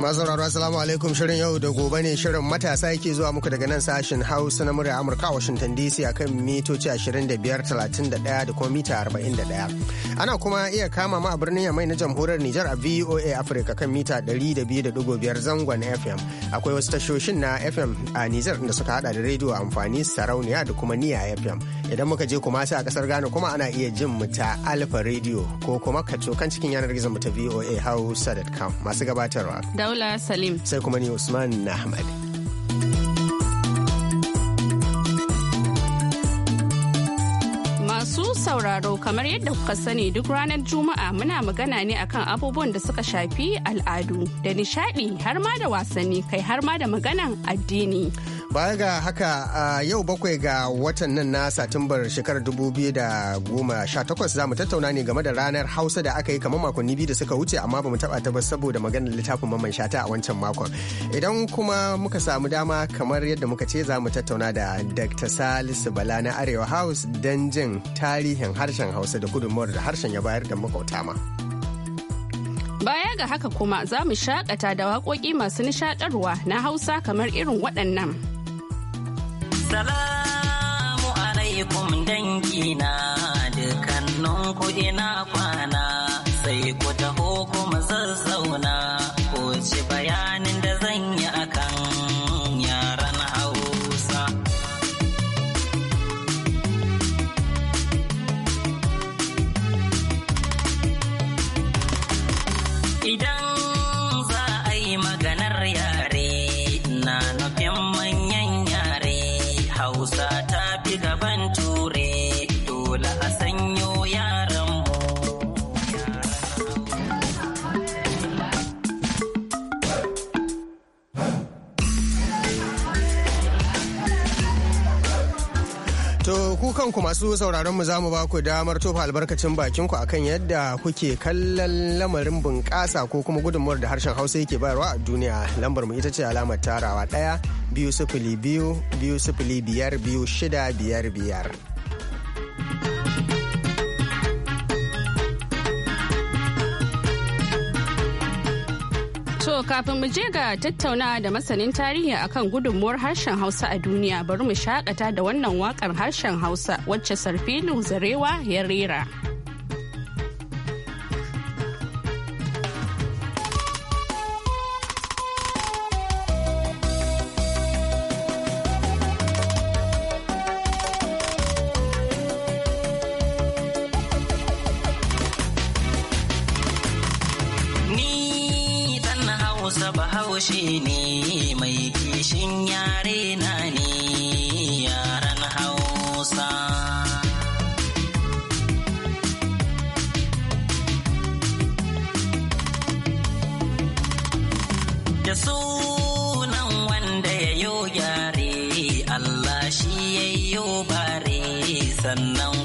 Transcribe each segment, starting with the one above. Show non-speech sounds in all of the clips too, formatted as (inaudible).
masauraro assalamu alaikum shirin yau da gobe ne shirin matasa yake zuwa muku daga nan sashen hausa na murya amurka washington dc akan mitoci 25 31 da kuma mita 41 Ana kuma iya kama ma a birnin Yamai na jamhuriyar Nijar a VOA Africa kan mita 200.5 zangon FM. Akwai wasu tashoshin na FM a Nijar da suka hada da rediyo amfani sarauniya da kuma niya FM. Idan muka je kuma sai a kasar Ghana kuma ana iya jin mu ta Alfa Radio ko kuma ka kan cikin yanar gizo mu ta VOA Hausa.com masu gabatarwa. Daula Salim. Sai kuma ni Usman Ahmad. sauraro kamar yadda kuka sani duk ranar Juma'a muna magana ne akan abubuwan da suka shafi al'adu da nishaɗi har ma da wasanni kai har ma da maganan addini. baya ga haka a yau bakwai ga watan nan na satumbar shekarar 2018 za mu tattauna ne game da ranar hausa da aka yi kamar makonni biyu da suka wuce amma ba mu taba ta ba saboda maganar littafin mamman shata a wancan makon idan kuma muka samu dama kamar yadda muka ce za mu tattauna da dr salisu bala na arewa house don jin tarihin harshen hausa da gudunmawar da harshen ya bayar da makauta ma. Baya ga haka kuma za mu shakata da waƙoƙi masu nishaɗarwa na Hausa kamar irin waɗannan. Salamu alaikum dangina dukkanin ku na kwana. ku masu sauraron mu zamu ba ku damar tofa albarkacin bakin ku akan yadda kuke kallon lamarin bunƙasa ko kuma gudunmuwar da harshen Hausa yake bayarwa a duniya. Lambar mu ita ce alamar tarawa ɗaya biyu sifili biyu biyu sifili biyar biyu shida biyar biyar. To kafin mu je ga tattauna da masanin tarihi akan gudunmuwar harshen Hausa a duniya bari mu shakata da wannan wakar harshen Hausa wacce Sarfilu Zarewa ya rera. sannan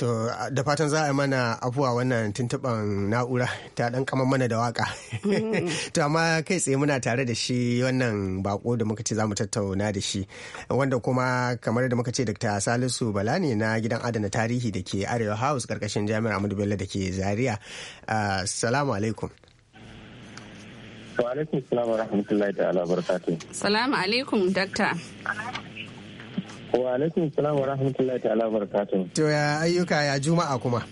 To da fatan za a mana afuwa wannan tuntuɓan na'ura ta ɗan kama mana da waka. Mm-hmm. (laughs) to amma kai tsaye muna tare da shi wannan bako da muka ce za mu tattauna da shi wanda kuma kamar da muka ce Dr. Salisu Bala ne na gidan adana tarihi da ke Arewa House ƙarƙashin Jami'ar Ahmadu Bello da ke Zaria. Assalamu alaikum. Wa alaikum salam wa rahmatullahi ta'ala barakatuh. Salamu alaikum Dr. Wa alaikum salam wa rahmatullahi ta'ala wa To ya ayyuka ya juma'a kuma.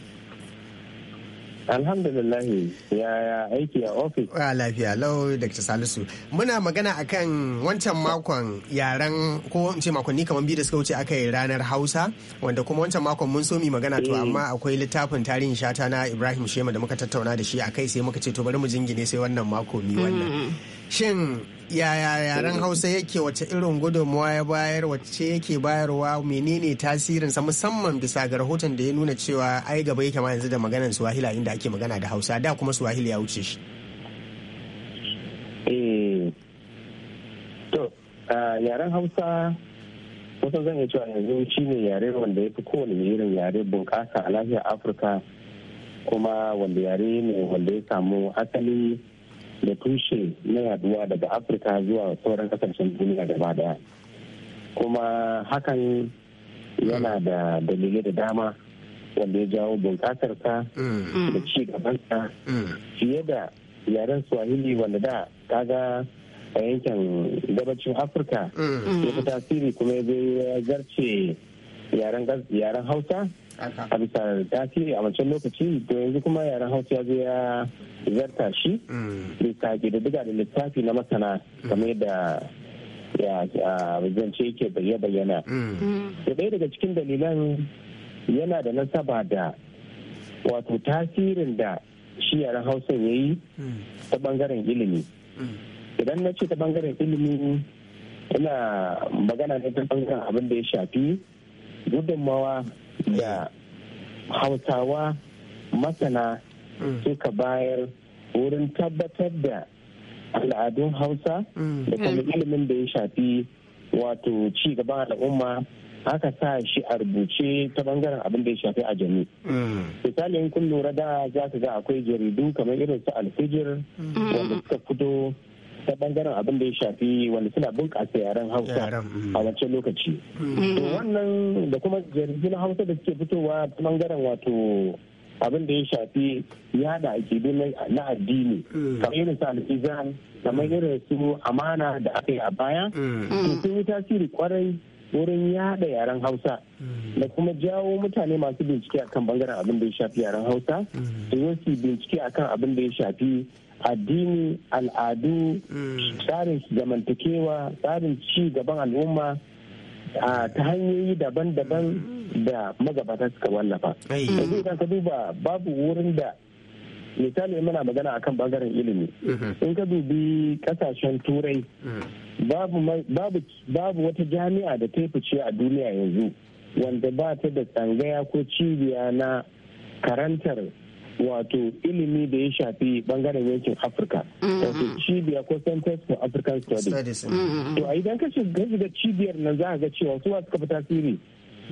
Alhamdulillah ya aiki a ofis. Wa lafiya lau Dr. Salisu. Muna magana akan wancan makon yaren ko in ce makonni kamar biyu da suka wuce aka yi ranar Hausa wanda kuma wancan makon mun so mu magana to eh. amma akwai littafin tarihin shata na Ibrahim Shema da muka tattauna da shi akai sai muka ce to bari mu jingine sai wannan mako mi wannan. Mm-hmm. Shin yaya yaren hausa yake wace irin gudunmuwa ya bayar wace yake bayarwa menene tasirinsa musamman bisa ga rahoton da ya nuna cewa ai gaba yake ma yanzu da maganar suwahila inda ake magana da hausa da kuma suwahili ya wuce shi eh, to yaren hausa kusan zan iya cewa yanzu shi ne yare wanda ya fi kowane irin yare bunƙasa a lafiyar afirka kuma wanda yare ne wanda ya samu asali da tushe na yaduwa daga afirka zuwa sauran kasashen duniya gaba daya kuma hakan yana da dalilai da dama wanda ya jawo bunƙasarsa mm. da ci gabansa mm. fiye da yaren swahili wanda da kaga a yankin gabacin afirka mm. ya fi tasiri kuma ya zarce yaren hausa a bisa tasiri a wancan lokaci to yanzu kuma yaren hausa ya zo ya zarta shi mm. bisa da littafi na masana kamar mm. da ya zance yake bayyana da mm. ɗaya daga cikin dalilan yana da nasaba da wato tasirin da shi yaren hausa ya yi ta bangaren ilimi idan na ce ta bangaren ilimi ina magana ne ta bangaren abin da ya shafi gudunmawa da hausawa masana mm. suka bayar wurin tabbatar da al'adun hausa mm. da kuma ilimin da ya shafi wato ci gaban al'umma aka sa shi a rubuce ta bangaren abin da ya shafi a jami. Mm. Misalin kun lura da za ka ga akwai jaridu kamar irin su alfijir wanda suka fito ta bangaren abin da ya shafi wanda suna bunƙasa yaren hausa mm. a wancan lokaci mm. to wannan da kuma jirgin hausa da suke fitowa ta bangaren wato abin da ya shafi yada akidu na addini mm. kamar irin sa alfizan kamar irin su amana da aka yi a baya to sun yi tasiri kwarai wurin yada yaren hausa da kuma jawo mutane masu bincike akan bangaren abin da ya shafi yaren hausa su yi bincike akan abin da ya shafi addini al'adu mm. tsarin zamantakewa tsarin ci gaban al'umma ta hanyoyi daban-daban mm. da magabata suka wallafa yanzu idan ka duba babu wurin da misali muna magana akan bangaren ilimi mm-hmm. in ka dubi kasashen turai mm. babu wata jami'a da ta fice a duniya yanzu wanda ba ta da tsangaya ko cibiya na karantar wato ilimi da ya shafi bangaren yankin afirka mm-hmm. wato cibiya ko centers for african studies mm-hmm. to a idan ka shiga cibiyar nan za ga cewa su suka fi tasiri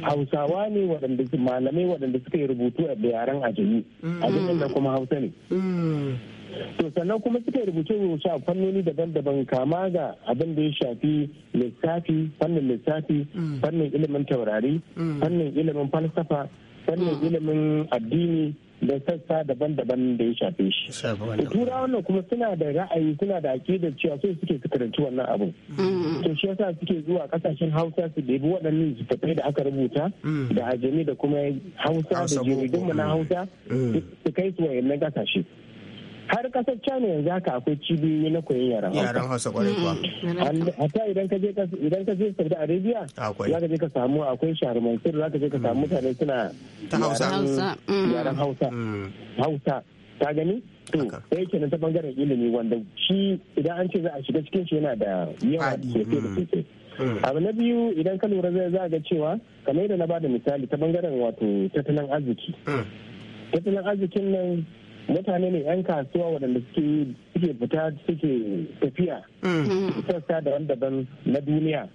hausawa ne waɗanda malamai waɗanda suka yi rubutu a yaren ajami mm-hmm. a da kuma hausa ne to sannan kuma suka yi rubutu rubuce a fannoni daban-daban kama ga abin da ya shafi lissafi fannin lissafi fannin ilimin taurari fannin ilimin falsafa fannin ilimin addini da sassa daban-daban da ya shafe shi. Turawan nan kuma suna da ra'ayi suna da aƙidar cewa sai suke su karanci wannan abu. Mm. To shi yasa suke zuwa kasashen Hausa su debi waɗannan littattafai da aka rubuta mm. da ajami da kuma Hausa da jirgin na Hausa mm. su kai su wayannan kasashe. har kasar china yanzu haka akwai cibiyoyi na koyon yaran hausa yaran hausa kwarai kuwa hatta mm, mm, mm. idan ka je idan ka je saudi arabia za ka je ka samu akwai shahar mansur za ka je ka samu mutane suna ta hausa yaran hausa hausa ta gani to sai nan ta bangaren ilimi wanda shi idan an ce za a shiga cikin shi yana da yawa sosai da sosai abu na biyu idan ka lura zai za ga cewa kamar yadda na da misali ta bangaren wato tattalin arziki tattalin arzikin nan mutane ne 'yan kasuwa waɗanda suke fita suke tafiya mm. sassa daban-daban na duniya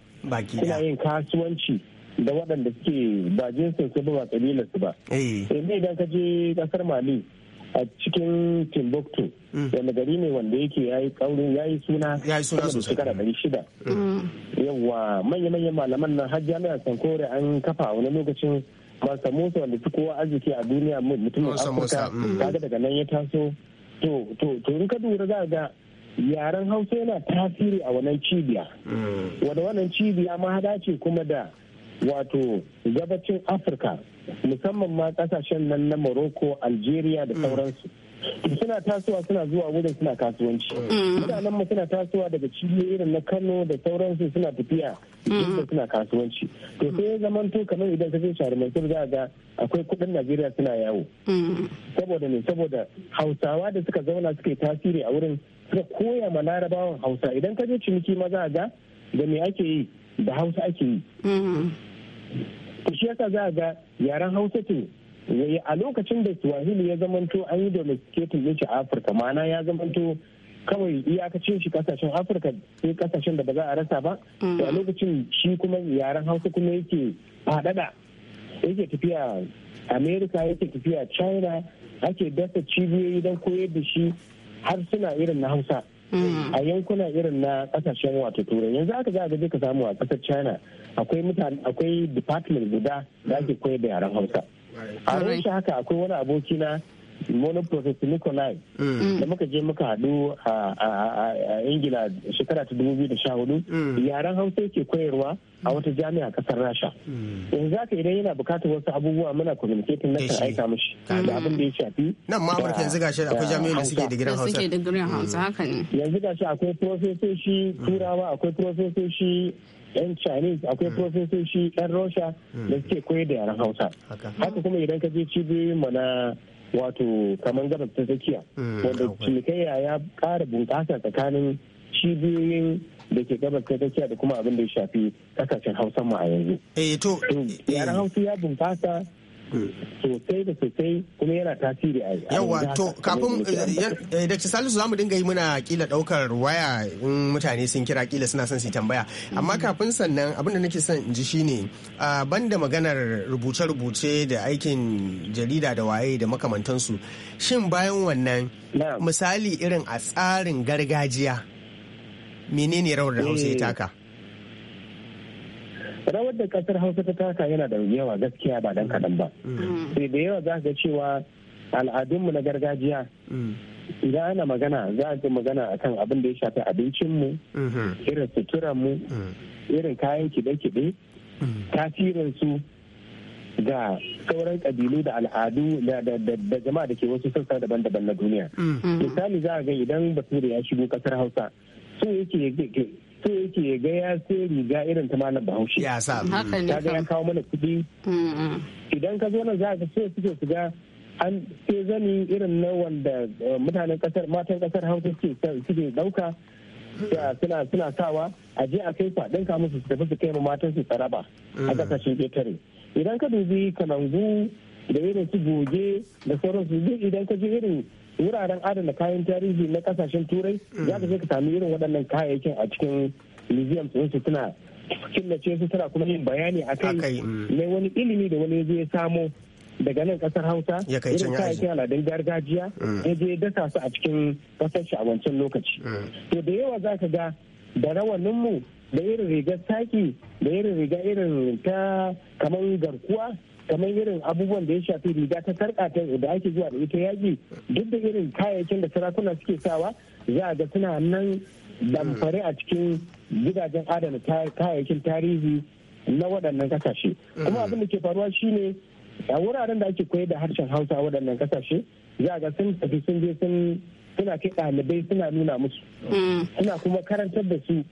suna yin kasuwanci da waɗanda suke ba jinsin su ba ba su ba eh. Eh, idan ka je ƙasar mali a cikin timbuktu mm. wanda gari ne wanda yake ya yi ƙaurin ya yi suna da shekara ɗari shida mm. yawa manya-manyan malaman nan har jami'ar sankore an kafa wani lokacin ba samosa wanda su kowa arziki a duniya mutumin afirka mm. kaga daga nan ya taso to to to in ka lura za ga yaren hausa yana tasiri a wannan cibiya mm. wanda wannan cibiya ma hada ce kuma da wato gabacin afirka musamman ma kasashen nan na morocco algeria da mm. sauransu suna tasowa suna zuwa wurin suna kasuwanci mm. mutanen mu suna tasowa daga cibiyoyi irin na kano da sauransu suna tafiya da suna kasuwanci to sai ya zama zamanto kamar idan ka je shahar mansur za ga akwai kudin najeriya suna yawo mm. saboda ne saboda hausawa da suka zauna suka yi tasiri a wurin suka koya ma larabawan hausa idan ka je ciniki ma za ga da me ake yi da hausa ake yi mm. to shi yasa za ga yaren hausa ce Eh, a lokacin da swahili ya zamanto an yi domesticating a afirka ma'ana ya zamanto kawai iyakacin shi kasashen afirka sai kasashen da ba za a rasa ba mm. to a lokacin shi kuma yaren hausa kuma yake fadada yake tafiya amerika yake tafiya china ake dasa cibiyoyi don koyar da shi har suna irin na hausa mm. a yankuna irin na kasashen wato turai yanzu aka za a je ka samu a kasar china akwai mutane akwai department guda da ake koyar da yaren hausa a shi haka akwai wani aboki na wani professor nikolai mm. da muka je muka hadu a ingila shekara ta dubu biyu da sha hudu mm. yaren hausa yake koyarwa a wata jami'a kasar rasha In za ka idan yana bukatar wasu abubuwa muna communicating na kan aika mishi da abin da ya shafi nan ma amurka yanzu gashi akwai jami'a da suke digirin hausa suke digirin hausa haka ne yanzu gashi akwai profesoshi mm. turawa akwai profesoshi yan chinese akwai mm. shi yan russia mm. da suke koyar da yaran hausa haka kuma idan ka je cibiyoyin mu na wato kamar gabas ta tsakiya mm, wanda cinikayya ya kara bunƙasa tsakanin cibiyoyin da ke gabas ta tsakiya da kuma abin da ya shafi kasashen hausa mu a yanzu. Eh, yaran eh, eh. hausa ya bunƙasa sosai to kafin da eh, eh, salisu za mu dinga yi muna kila daukar waya in mutane sun kira kila suna son su tambaya amma kafin sannan abinda nake son in ji shine da maganar rubuce-rubuce da aikin jarida da waye da makamantansu shin bayan wannan misali irin a tsarin gargajiya menene rawar da hausa ya eh. taka rawar da kasar hausa ta taka yana da yawa gaskiya ba dan kaɗan ba mm. sai da yawa za ga cewa al'adunmu na gargajiya mm. idan ana magana za a ji magana akan abin da ya shafi abincinmu mm-hmm. irin suturanmu mm. irin kayan kiɗe-kiɗe tasirinsu ga sauran ƙabilu da al'adu da jama'a da ke wasu sassa daban-daban na duniya misali za a ga idan da ya shigo ƙasar hausa so yake sai yake ga ya sai riga irin ta malam bahaushe ya sa kawo mana kuɗi idan ka zo nan za ka sai suke su ga an sai zani irin na wanda eh, mutanen kasar matan kasar hausa suke dauka suna suna sawa a je a kai faɗin ka musu su tafi su kai matan su tsaraba a kasashen mm. ƙetare idan ka dubi kanangu da irin su goge da sauransu duk idan ka je irin wuraren adana kayan tarihi na kasashen turai mm. za ka ka sami irin waɗannan kayayyakin a cikin museum su suna killace su suna kuma yin bayani a kai mm. na wani ilimi da wani zai samo daga nan ƙasar hausa irin kayayyakin aladun gargajiya mm. ya je dasa su a cikin kasar shi a wancan lokaci to da yawa za ka ga da rawanin mu da irin rigar saki da irin riga irin ta kamar garkuwa kamar irin abubuwan da ya shafi riga ta sarka ta da ake zuwa da ita yaƙi duk da irin kayayyakin da sarakuna suke sawa za a ga suna nan damfare a cikin gidajen adana kayayyakin tarihi na waɗannan kasashe kuma mm-hmm. abin da ke faruwa shine a wuraren da ake koyar da harshen hausa a waɗannan kasashe za a ga sun tafi sun je sun suna kai ɗalibai suna nuna musu mm. suna kuma karantar da su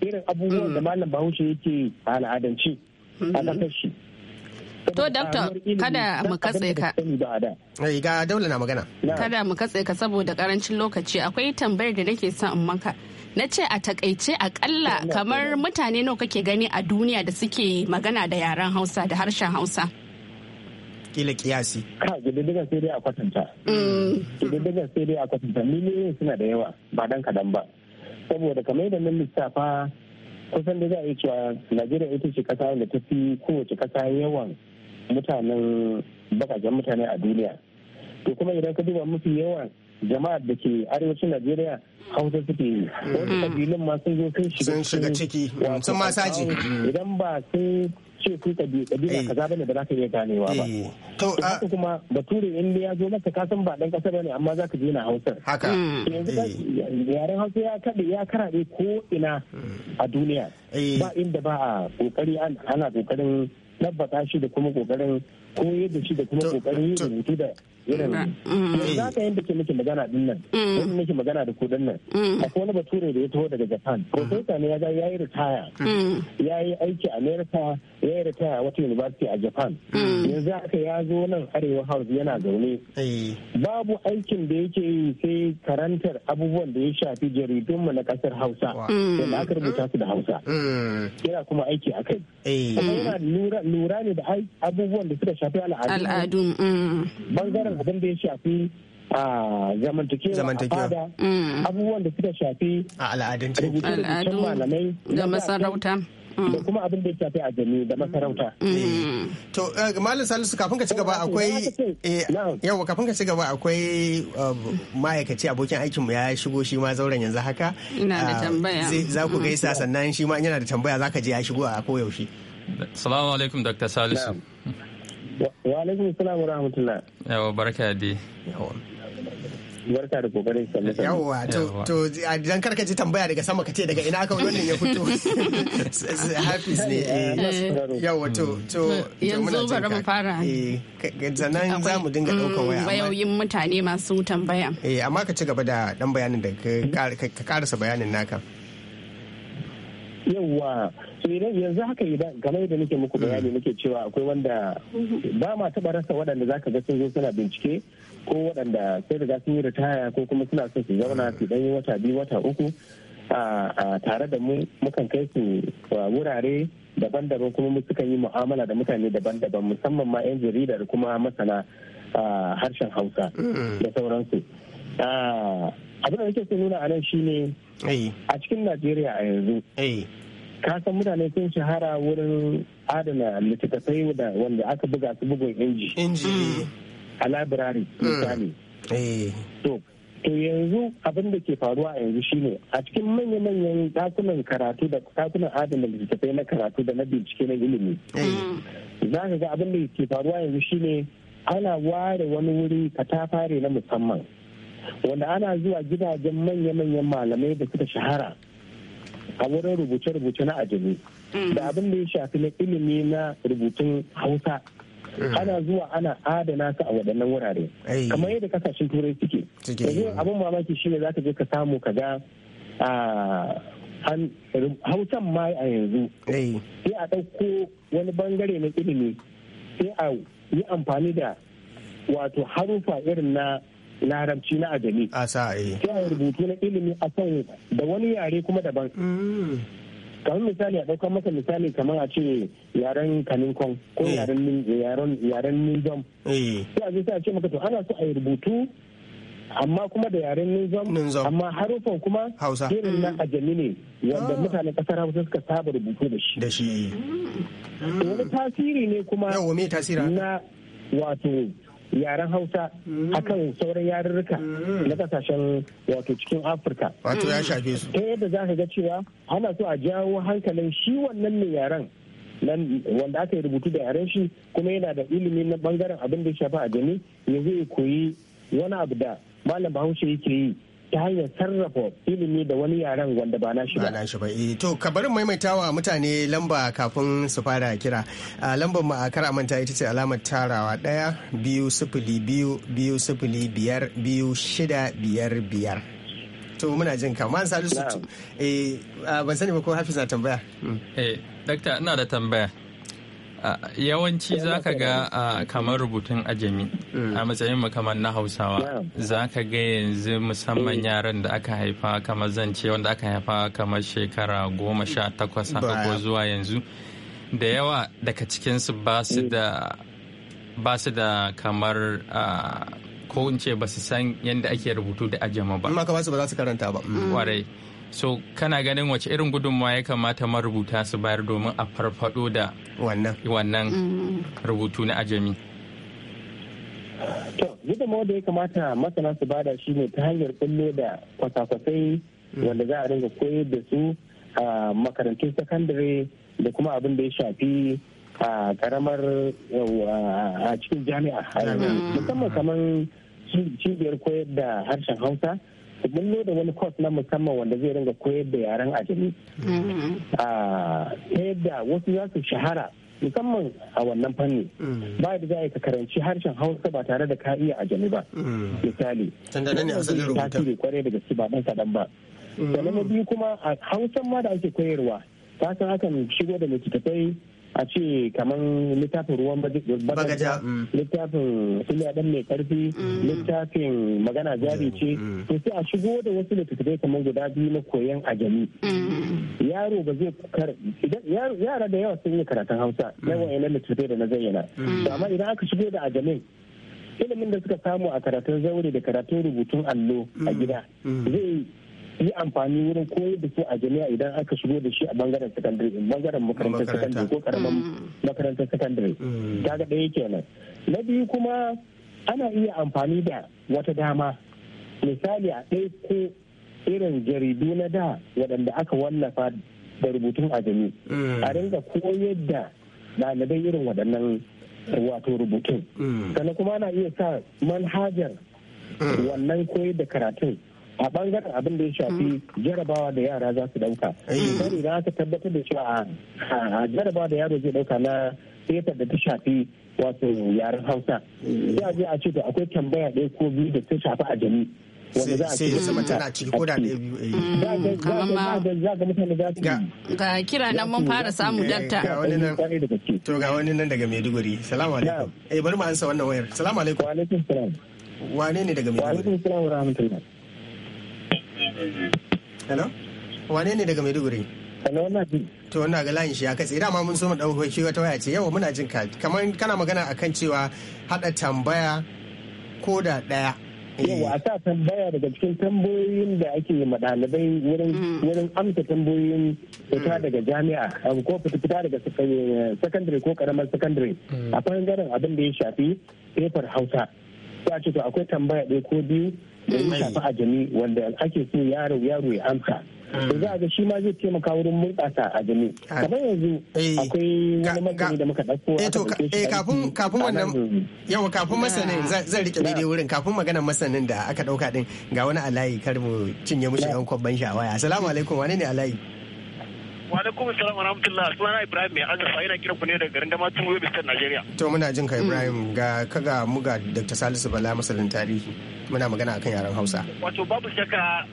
irin abubuwan da mm. malam bahaushe yake a al'adance a kasashe mm-hmm. To dakta kada mu katse ka. Eh, ga daula na magana. Kada mu katse ka saboda karancin lokaci akwai tambayar da nake son in maka. Na ce a takaice akalla kamar mutane nawa kake gani a duniya da suke magana da yaren Hausa da harshen Hausa. Kila kiyasi. Ka gididdiga sai dai a kwatanta. Gididdiga mm. sai dai a kwatanta ne suna da yawa ba dan kadan ba. Saboda kamar yadda nan lissafa kusan da za a yi cewa Najeriya ita ce kasa da ta fi kowace kasa yawan mutanen bakajen mutane a duniya to kuma idan ka duba mafi yawan jama'a da ke arewacin najeriya hausa suke yi wasu hmm. kabilun ma sun zo sun shiga ciki sun ma saji idan ba sun ce ku kabila eh. kaza bane ba za ka iya ganewa ba eh. to haka kuma bature in ya zo maka ka san ba dan kasa bane amma za ka je na hausa haka yaren hausa ya kaɗe ya karaɗe ko ina hmm. a duniya eh. ba inda ba a kokari ana kokarin tabbata shi da kuma ƙoƙarin koyar da shi da kuma ƙoƙarin yin rubutu da Mm. Mm. yanzu haka yadda ke miki magana din nan mm. yadda miki magana da kudin nan a wani bature da ya taho daga japan profesa ne ya ga ya yi ritaya ya yi aiki a america ya yi ritaya wata university a japan yanzu haka ya zo nan arewa house yana zaune eh. babu aikin da yake yi sai karantar abubuwan da ya shafi jaridunmu na kasar hausa da aka rubuta su da hausa yana kuma aiki a kai eh. yana lura ne da abubuwan da suka shafi al'adu bangaren abin da ya shafi a zamantakewa a fada mm. abubuwan da suka shafi a al'adun malamai da masarauta mm. da kuma abin da ya shafi a jami da masarauta. Mm. Eh. To eh, Malam Salisu kafin ka ci gaba akwai eh, yau kafin ka ci gaba akwai um, ma'aikaci abokin aikinmu ya shigo shi ma zauren yanzu haka. Ina da ah, tambaya. Za ku gaisa sannan shi ma yana da tambaya za ka je ya shigo a koyaushe. Salamu alaikum Dr. Salisu. wa alaikum salam wa rahmatullah yawa barka dai barka da kokarin sannu yawa to to idan karka ji tambaya daga sama ka ce daga ina aka wannan ya fito (laughs) hafiz ne eh. eh. yawa to to hmm. yanzu bari mu fara zanen eh, za mu dinga daukan waya hmm, wayoyin mutane masu tambaya eh amma ka ci gaba da dan bayanin da ka hmm. karasa bayanin naka yawwa so idan yanzu haka yi game da nake muku mm. bayani muke cewa akwai wanda ba ma taba rasa waɗanda zaka ga sun zo suna bincike ko waɗanda sai riga sun yi ritaya ko kuma suna son su zauna su dan wata biyu wata uku a tare da mu mukan kai su wurare daban-daban kuma mu sukan yi mu'amala da mutane daban-daban musamman ma 'yan jaridar kuma masana harshen hausa mm. da sauransu abin da nake so nuna a nan ne a cikin najeriya a yanzu kasan mutane sun shahara wurin adana littattafai wanda aka buga su bugun inji inji a library misali mm. eh. to to yanzu abin da ke faruwa yanzu shine a cikin manya-manyan dakunan karatu da dakunan adana littattafai na karatu da na bincike na ilimi eh. za ka ga abin da ke faruwa yanzu shine ana ware wani wuri katafare na musamman wanda ana zuwa gidajen manya-manyan malamai da suka shahara a wurin rubuce-rubuce na ajiye da abin da ya shafi na ilimi na rubutun hausa ana zuwa ana adana su a waɗannan wurare kamar yadda kasashen turai suke yanzu abin mamaki shi ne za ka je ka samu ka ga hausan ma a yanzu sai a ɗauko wani bangare na ilimi sai a yi amfani da wato harufa irin na larabci na ajami eh. sai a rubutu na ilimi a kan da wani yare kuma daban mm. kamar misali a ɗaukar masa misali kamar a ce yaren kaninkon ko eh. yaren yaren nizam eh. sai a zai sa a ce maka to ana so a rubutu amma kuma da yaren nizam amma harufan kuma irin na ajami ne wanda ah. mutane kasar hausa suka saba rubutu da shi da wani tasiri ne kuma na wato yaren hausa mm. akan sauran yarurruka mm. na kasashen wato cikin afirka wato ya mm. shafe su ta yadda za ka ga cewa ana so a jawo hankalin shi wannan ne yaren wanda aka yi rubutu da yaren shi kuma yana da ilimi na bangaren abin da ya shafa a gani ya zai koyi wani abu da malam bahaushe yake yi ta hanyar sarrafa ilimi da wani yaren wanda ba nashi ba. nashi ba eh to ka bari maimaitawa mutane lamba kafin su fara kira. A lambar mu a kar manta ita ce alamar tarawa ɗaya biyu sifili biyu biyu sifili biyar biyu shida biyar biyar. To muna jin ka man salisu eh ban sani ba ko Hafiza tambaya. Hmm. Eh dakta ina da tambaya. yawanci zaka ka ga kamar rubutun ajami mm. a matsayin mu kamar na hausawa zaka ga yanzu musamman mm. yaran da aka haifa kamar zance wanda aka haifa kamar shekara goma sha takwas ko zuwa yanzu da yawa daga cikinsu ba su mm. da kamar ko in ce ba su san yadda ake rubutu da ajama ba. so kana ganin wace irin gudunmawa ya kamata marubuta su bayar domin a farfado da wannan mm. rubutu na ajami to gudunmawa da ya kamata masana su bada shi ne ta hanyar kulle da kwasa-kwasai mm. wanda za a ringa koyar da su a makarantun sakandare da kuma abin da ya shafi a karamar a cikin jami'a mm. musamman kamar cibiyar koyar da harshen hausa su bullo da wani kwas na musamman wanda zai ringa koyar da yaren ajami mm-hmm. ah, ta yadda wasu za su shahara musamman a wannan fanni mm. ba da za a ka karanci harshen hausa ba tare da kaiya iya ajami ba mm. misali tasiri kwarai da gaske ba dan ba mm. sannan na biyu kuma a hausan ma da ake koyarwa ta san akan shigo da littattafai a ce kamar littafin ruwan bagaja mm. littafin sulya dan mai karfi mm. littafin magana jari ce mm. to sai a shigo da wasu littattafai kamar guda biyu na koyon ajami yaro ba zai yara da yawa sun yi karatun hausa na wayannan littattafai da na zayyana amma idan aka shigo da ajamin ilimin da suka samu a karatun zaure da karatun rubutun allo a gida zai yi amfani wurin koyar da su a jami'a idan aka shigo da shi a bangaren sakandare bangaren makarantar sakandare ko karamin mm. makarantar sakandare mm. kaga ɗaya kenan na biyu kuma ana iya amfani da wata dama misali a ɗaya ko irin jaridu na da waɗanda aka wallafa da rubutun a ajami mm. a ringa koyar da ɗalibai irin waɗannan wato rubutun sannan kuma ana iya sa manhajar wannan koyar da karatun a bangaren abin da ya shafi mm. jarabawa da yara za su dauka eh. misali idan aka tabbatar da cewa a jarabawa da yaro zai dauka na fetar da ta shafi wato yaren hausa sai mm. a je a ce to akwai tambaya ɗaya ko biyu da ta shafi a jami sai ya zama tana ciki ko da ɗaya biyu eh ga kira nan mun fara samu dakta ga wani nan to ga wani nan daga Maiduguri salamu alaikum eh bari mu ansa wannan wayar salamu alaikum wa ne ne daga Maiduguri wa alaikum salam wa rahmatullahi hello wane ne daga maiduguri hello na ji to na ga layin shi ya katse dama mun so mu dan hoki wata waya ce yawa muna jin ka kamar kana magana kan cewa haɗa tambaya ko da ɗaya. Eh. yawa a sa tambaya daga cikin tambayoyin da ake yi ɗalibai mm. wurin amsa tambayoyin fita mm. daga jami'a um, ko fita daga sakandare eh, ko karamar sakandare mm. a bangaren abin da ya shafi paper hausa za ce to akwai tambaya ɗaya ko biyu da ya shafi ajami wanda ake so yaro yaro ya amsa to za a ga shi ma zai taimaka wurin bunƙasa a jami kamar yanzu eh, akwai wani magani da muka ɗauko eh to eh, kafin kafin wannan yawa kafin masanin zan rike daidai wurin kafin maganar masanin da aka ɗauka din ga wani alayi kar mu cinye mushi ɗan kwabban shawaya assalamu alaikum wani ne alayi Wa alaikum salam wa Sunana Ibrahim mai azurfa yana kiran ku ne daga garin Damatun Yobe State Najeriya. To muna jin ka Ibrahim ga kaga mu Dr. Salisu Bala masalin tarihi. Muna magana akan yaren Hausa. Wato babu shakka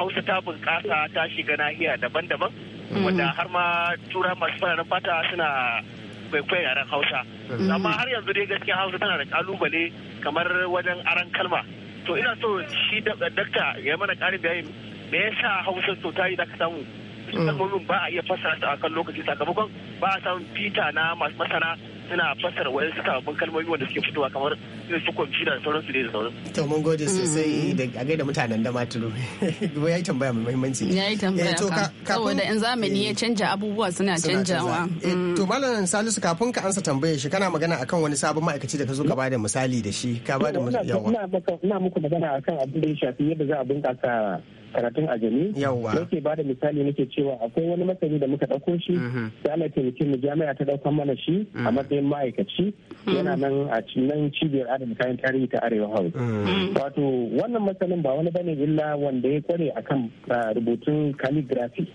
Hausa ta bunƙasa ta shiga nahiya daban-daban. Mm. Wanda har ma tura masu fararen fata suna kwaikwayon yaren Hausa. Mm. Amma har yanzu dai gaskiya Hausa tana da kalubale kamar wajen aran kalma. To ina so shi dakta ya mana ƙarin bayani me yasa Hausa to ta yi da ka samu kalmomin mm. ba a iya fasara ta a kan lokaci sakamakon ba a san fita na masu masana suna fassara wayan su sababbin kalmomi wanda suke fitowa kamar yin su kwamfuta da sauransu ne da sauran. to mun gode mm. sosai da a gaida mutanen da maturu ya (laughs) yi tambaya mai muhimmanci. ya yi tambaya eh, kan saboda in zamani ya eh. canja abubuwa suna canjawa. Eh, mm. to malam salisu kafin ka ansa tambaye shi kana magana akan wani sabon ma'aikaci da ka zo ka bada misali da shi ka bada yawa. ina muku magana akan abin da ya shafi yadda za a bunƙasa. karatun ajami nake ba da misali nake cewa akwai wani masani da muka ɗauko shi da mm-hmm. ana taimake jami'a ta ɗaukan mana shi a mm-hmm. matsayin ma'aikaci mm-hmm. yana nan a nan cibiyar adana kayan tarihi ta arewa hau wato wannan masanin ba wani bane illa wanda ya kware akan rubutun calligraphy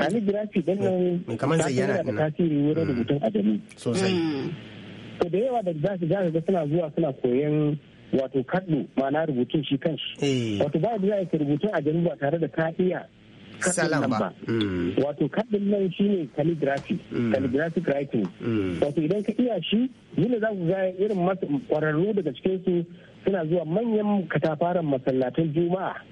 calligraphy din nan yana da tasiri wurin rubutun ajami sosai ko da yawa da za su ga suna zuwa suna koyon wato kaɗo ma'ana rubutun shi kanshi eh. wato ba da za rubutun a gari tare da kaiya iya nan ba hmm. wato kaɗin nan shi ne calligraphy hmm. calligraphic writing hmm. wato idan ka iya shi yadda za ku gaya irin masu kwararru daga cikinsu suna zuwa manyan katafaren masallatan juma'a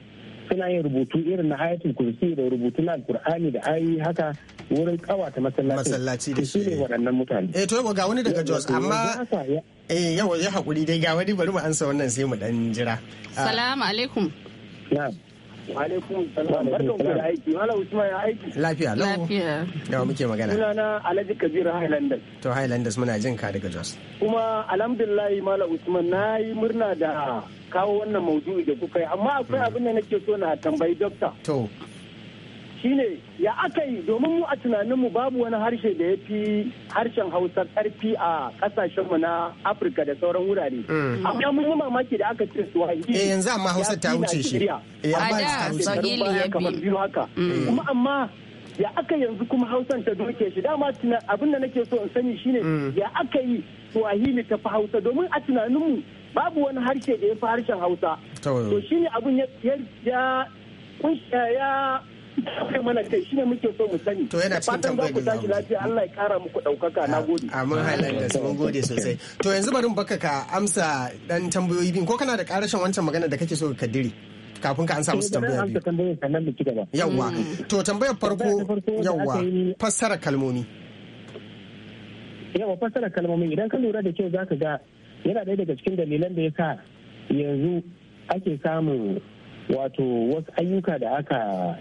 suna yin rubutu irin na ayatul kursi da rubutu na alkur'ani da ayi haka wurin kawata masallaci masallaci da shi ne waɗannan mutane eh to ga wani daga Jos amma eh yawa ya hakuri dai ga wani bari mu ansa wannan sai mu dan jira ah. salamu alaikum na'am alaikum salam barkan ku da aiki malam usman ya aiki lafiya lafiya yawa muke magana na alhaji kabir highlanders to highlanders muna jin ka daga jos kuma alhamdulillah malam usman na yi murna da kawo wannan maudu'i da kuka yi amma akwai hmm. abin da nake so na tambayi dokta to shine ya aka yi domin mu a tunaninmu babu wani harshe da ya fi harshen hausa karfi a kasashenmu na afirka da sauran wurare mm. amma mun yi mamaki da aka ce su eh yanzu amma hausa ta wuce shi eh amma ta wuce kamar biyu haka mm. kuma amma ya aka yanzu kuma hausan ta doke shi dama abin da nake so in sani shine mm. ya aka yi swahili ta fi hausa domin a tunaninmu babu wani harshe da ya fi harshen hausa to shine abin ya ya kai mana kai shine muke so mu sani to yana cikin tambayar da zamu lafiya Allah ya kara muku daukaka na gode amin mun gode sosai to yanzu bari baka ka amsa dan tambayoyi biyu ko kana da karashin wancan magana da kake so ka dire kafin ka an samu su eh, tambaya biyu yawwa mm. to tambayar farko yawwa fassara kalmomi yawa fassara kalmomi idan ka lura da kyau za ka ga yana ɗaya daga cikin dalilan da ya sa yanzu ake samun wato wasu ayyuka da aka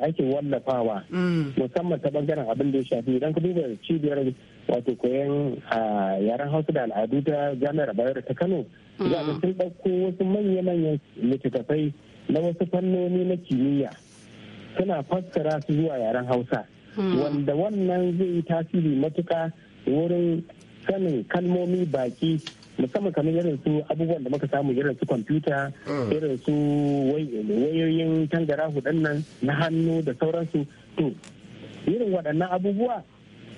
ake wallafawa mm. musamman ta bangaren abin da ya shafi idan ka duba cibiyar wato koyon yaren hausa da al'adu ta jami'ar bayero ta kano mm. za a sun ɗauko wasu manya-manyan littattafai na wasu fannoni na kimiyya suna fassara su zuwa yaren hausa mm. wanda wannan zai yi tasiri matuka wurin sanin kalmomi baki musamman kamar irin su abubuwan da muka samu irin su kwamfuta mm. irin su wayoyin tangara nan na hannu da sauransu to irin waɗannan abubuwa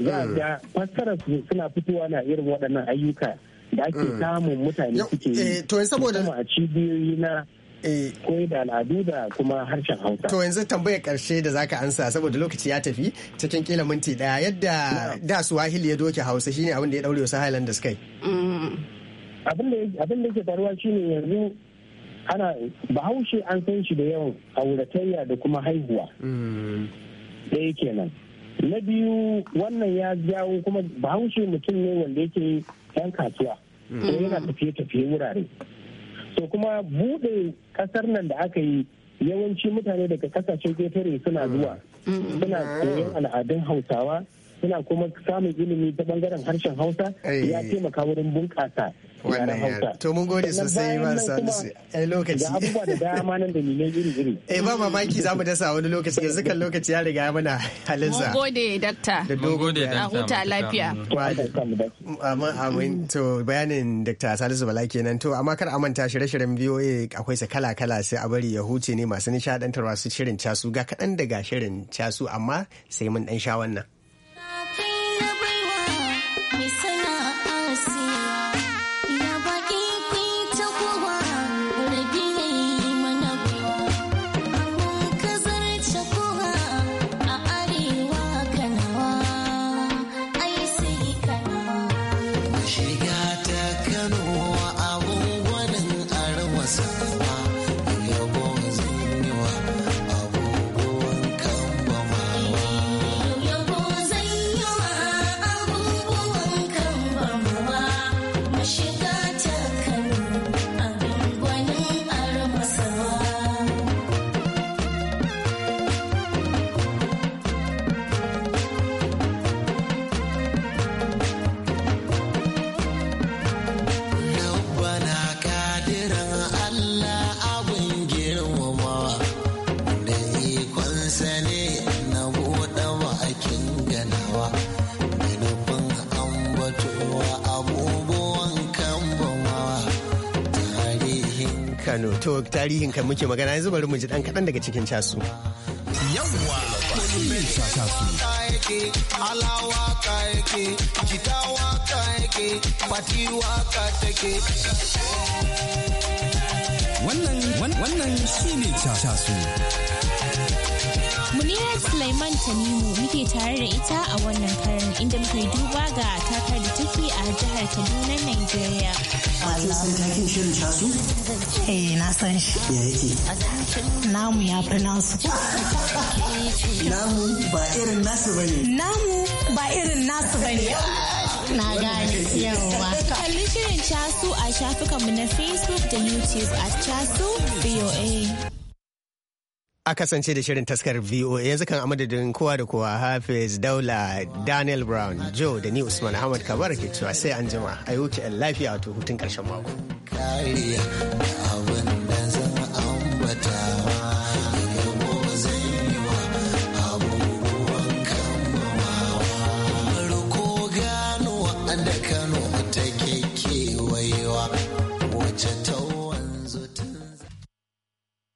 za a mm. ga suna fitowa na irin waɗannan ayyuka da ake mm. samun mutane suke yi eh, a cibiyoyi na eh. koyi da al'adu da kuma harshen hausa. To yanzu tambayar karshe da zaka ansa saboda lokaci ya tafi cikin kila minti daya yadda da su wahili ya doke hausa shine abin da ya daure wasu Highlanders kai. abin da yake faruwa shine yanzu ana bahaushe an san shi da yawan auratayya da kuma haihuwa mm. ɗaya kenan na biyu wannan ya jawo kuma bahaushe mutum ne wanda yake yan kasuwa mm. ko yana tafiye-tafiye wurare to kuma buɗe ƙasar nan da aka yi yawanci mutane daga kasashen ƙetare suna zuwa mm. suna koyon al'adun hausawa suna kuma samun ilimi ta bangaren harshen hausa ya taimaka wurin bunƙasa wannan hausa. to mun gode sosai ba lokaci da abubuwa da dama nan da nilai iri iri (laughs) eh ba mamaki mu dasa wani lokaci yanzu kan lokaci ya riga mana halinsa mun gode dakta da dogon a huta lafiya Amma amin to bayanin dakta salisu bala kenan to amma kar amanta shirye-shiryen VOA akwai sa kala-kala sai a bari ya huce ne masu nishadantarwa su shirin casu ga kaɗan daga shirin casu amma sai mun dan sha wannan tarihin kan muke magana yanzu bari mu ji dan kaɗan daga cikin casu. Yawwa alawa jitawa Wannan wannan shi ne casu. Munira Suleiman Tanimu muke tare da ita a wannan karin inda muke duba ga takar da take a jihar Kaduna, Nigeria. Wato sun kakin shirin casu? Eh na san shi. Ya yake? Namu ya fi nasu. Namu ba irin nasu bane. Namu ba irin nasu bane. na gane yawa. Kalli shirin Casu a shafukanmu na Facebook da YouTube a Casu VOA. a kasance da shirin taskar VOA yanzu kan amadadin kowa da kowa Hafiz Daula Daniel Brown Joe da ni Usman Ahmad Kabar ke cewa sai an jima a yi wuce lafiya wato hutun karshen mako.